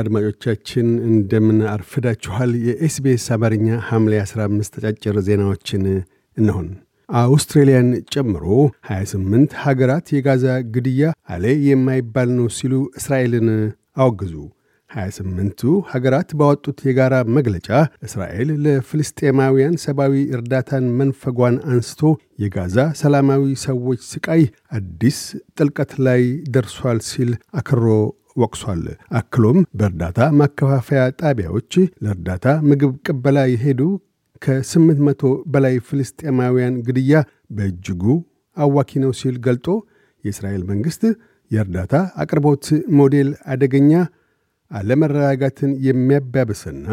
አድማጮቻችን እንደምን አርፍዳችኋል። የኤስቢኤስ አማርኛ ሐምሌ 15 ተጫጭር ዜናዎችን እነሆን። አውስትሬልያን ጨምሮ 28 ሀገራት የጋዛ ግድያ አሌ የማይባል ነው ሲሉ እስራኤልን አወግዙ። 28ቱ ሀገራት ባወጡት የጋራ መግለጫ እስራኤል ለፍልስጤማውያን ሰብአዊ እርዳታን መንፈጓን አንስቶ የጋዛ ሰላማዊ ሰዎች ስቃይ አዲስ ጥልቀት ላይ ደርሷል ሲል አክሮ ወቅሷል። አክሎም በእርዳታ ማከፋፈያ ጣቢያዎች ለእርዳታ ምግብ ቅበላ የሄዱ ከ መቶ በላይ ፍልስጤማውያን ግድያ በእጅጉ አዋኪ ነው ሲል ገልጦ የእስራኤል መንግሥት የእርዳታ አቅርቦት ሞዴል አደገኛ አለመረጋጋትን የሚያባብስና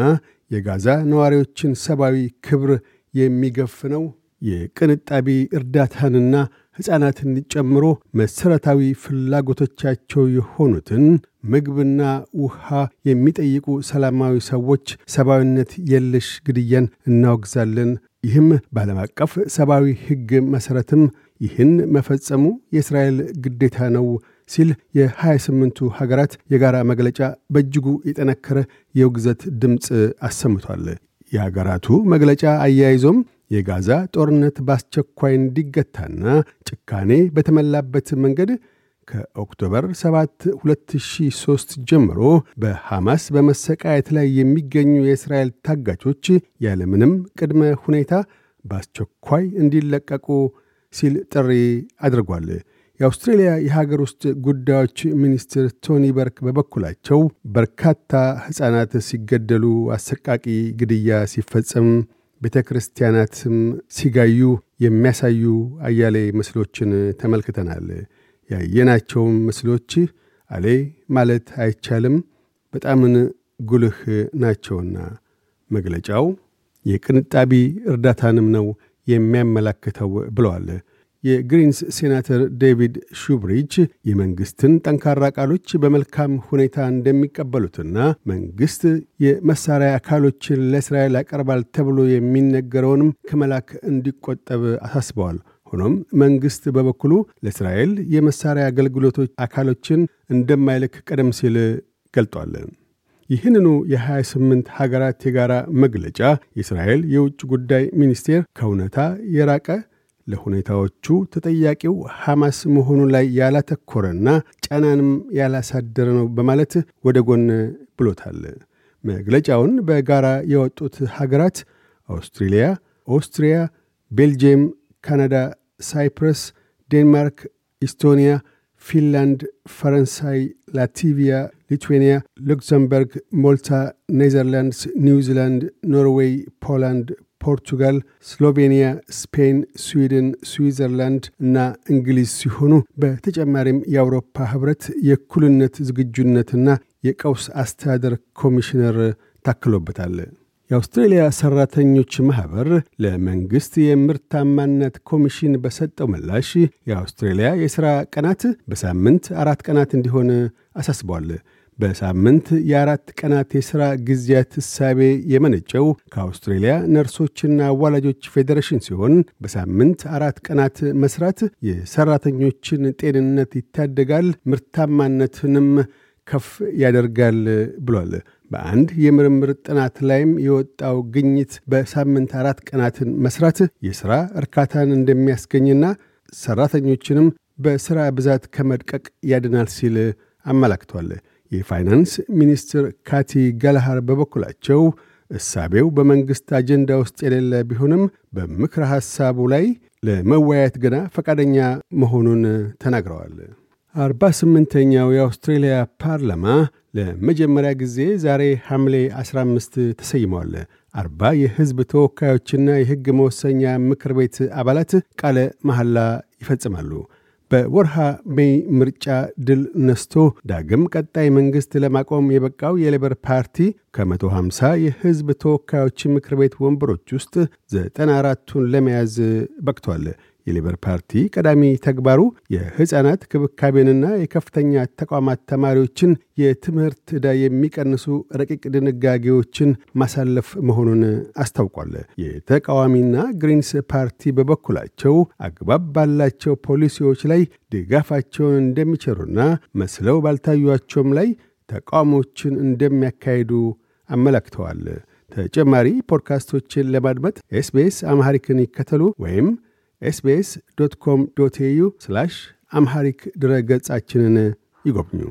የጋዛ ነዋሪዎችን ሰብአዊ ክብር የሚገፍ ነው፣ የቅንጣቢ እርዳታንና ሕፃናትን ጨምሮ መሠረታዊ ፍላጎቶቻቸው የሆኑትን ምግብና ውሃ የሚጠይቁ ሰላማዊ ሰዎች ሰብአዊነት የለሽ ግድያን እናወግዛለን። ይህም በዓለም አቀፍ ሰብአዊ ሕግ መሠረትም ይህን መፈጸሙ የእስራኤል ግዴታ ነው ሲል የ28ቱ ሀገራት የጋራ መግለጫ በእጅጉ የጠነከረ የውግዘት ድምፅ አሰምቷል። የሀገራቱ መግለጫ አያይዞም የጋዛ ጦርነት በአስቸኳይ እንዲገታና ጭካኔ በተመላበት መንገድ ከኦክቶበር 7 2003 ጀምሮ በሐማስ በመሰቃየት ላይ የሚገኙ የእስራኤል ታጋቾች ያለምንም ቅድመ ሁኔታ በአስቸኳይ እንዲለቀቁ ሲል ጥሪ አድርጓል። የአውስትሬልያ የሀገር ውስጥ ጉዳዮች ሚኒስትር ቶኒ በርክ በበኩላቸው በርካታ ሕፃናት ሲገደሉ፣ አሰቃቂ ግድያ ሲፈጸም፣ ቤተ ክርስቲያናትም ሲጋዩ የሚያሳዩ አያሌ ምስሎችን ተመልክተናል። ያየናቸውም ምስሎች አሌ ማለት አይቻልም በጣምን ጉልህ ናቸውና መግለጫው የቅንጣቢ እርዳታንም ነው የሚያመላክተው ብለዋል። የግሪንስ ሴናተር ዴቪድ ሹብሪጅ የመንግስትን ጠንካራ ቃሎች በመልካም ሁኔታ እንደሚቀበሉትና መንግስት የመሳሪያ አካሎችን ለእስራኤል ያቀርባል ተብሎ የሚነገረውንም ከመላክ እንዲቆጠብ አሳስበዋል። ሆኖም መንግሥት በበኩሉ ለእስራኤል የመሳሪያ አገልግሎቶች አካሎችን እንደማይልክ ቀደም ሲል ገልጧል። ይህንኑ የ28 ሀገራት የጋራ መግለጫ የእስራኤል የውጭ ጉዳይ ሚኒስቴር ከእውነታ የራቀ ለሁኔታዎቹ ተጠያቂው ሐማስ መሆኑ ላይ ያላተኮረና ጫናንም ያላሳደረ ነው በማለት ወደ ጎን ብሎታል። መግለጫውን በጋራ የወጡት ሀገራት አውስትሬልያ፣ ኦስትሪያ፣ ቤልጅየም፣ ካናዳ ሳይፕረስ፣ ዴንማርክ፣ ኢስቶኒያ፣ ፊንላንድ፣ ፈረንሳይ፣ ላቲቪያ፣ ሊትዌንያ ሉክዘምበርግ፣ ሞልታ፣ ኔዘርላንድስ፣ ኒውዚላንድ፣ ኖርዌይ፣ ፖላንድ፣ ፖርቱጋል፣ ስሎቬኒያ፣ ስፔን፣ ስዊድን፣ ስዊዘርላንድ እና እንግሊዝ ሲሆኑ በተጨማሪም የአውሮፓ ህብረት የእኩልነት ዝግጁነትና የቀውስ አስተዳደር ኮሚሽነር ታክሎበታል። የአውስትሬልያ ሠራተኞች ማኅበር ለመንግሥት የምርታማነት ኮሚሽን በሰጠው ምላሽ የአውስትሬልያ የሥራ ቀናት በሳምንት አራት ቀናት እንዲሆን አሳስቧል። በሳምንት የአራት ቀናት የሥራ ጊዜያት እሳቤ የመነጨው ከአውስትሬልያ ነርሶችና አዋላጆች ፌዴሬሽን ሲሆን በሳምንት አራት ቀናት መስራት የሠራተኞችን ጤንነት ይታደጋል፣ ምርታማነትንም ከፍ ያደርጋል ብሏል። በአንድ የምርምር ጥናት ላይም የወጣው ግኝት በሳምንት አራት ቀናትን መስራት የሥራ እርካታን እንደሚያስገኝና ሠራተኞችንም በሥራ ብዛት ከመድቀቅ ያድናል ሲል አመላክቷል። የፋይናንስ ሚኒስትር ካቲ ጋላሃር በበኩላቸው እሳቤው በመንግሥት አጀንዳ ውስጥ የሌለ ቢሆንም በምክረ ሐሳቡ ላይ ለመወያየት ገና ፈቃደኛ መሆኑን ተናግረዋል። አርባ ስምንተኛው የአውስትሬልያ ፓርላማ ለመጀመሪያ ጊዜ ዛሬ ሐምሌ 15 ተሰይሟል። አርባ የሕዝብ ተወካዮችና የሕግ መወሰኛ ምክር ቤት አባላት ቃለ መሐላ ይፈጽማሉ። በወርሃ ሜይ ምርጫ ድል ነስቶ ዳግም ቀጣይ መንግሥት ለማቆም የበቃው የሌበር ፓርቲ ከ150 የሕዝብ ተወካዮች ምክር ቤት ወንበሮች ውስጥ 94ቱን ለመያዝ በቅቷል። የሊበር ፓርቲ ቀዳሚ ተግባሩ የሕፃናት ክብካቤንና የከፍተኛ ተቋማት ተማሪዎችን የትምህርት ዕዳ የሚቀንሱ ረቂቅ ድንጋጌዎችን ማሳለፍ መሆኑን አስታውቋል። የተቃዋሚና ግሪንስ ፓርቲ በበኩላቸው አግባብ ባላቸው ፖሊሲዎች ላይ ድጋፋቸውን እንደሚቸሩና መስለው ባልታዩቸውም ላይ ተቃውሞችን እንደሚያካሂዱ አመላክተዋል። ተጨማሪ ፖድካስቶችን ለማድመጥ ኤስቤስ አምሃሪክን ይከተሉ ወይም ኤስቢኤስ ዶት ኮም ዶት ኤዩ አምሃሪክ ድረ ገጻችንን ይጎብኙ።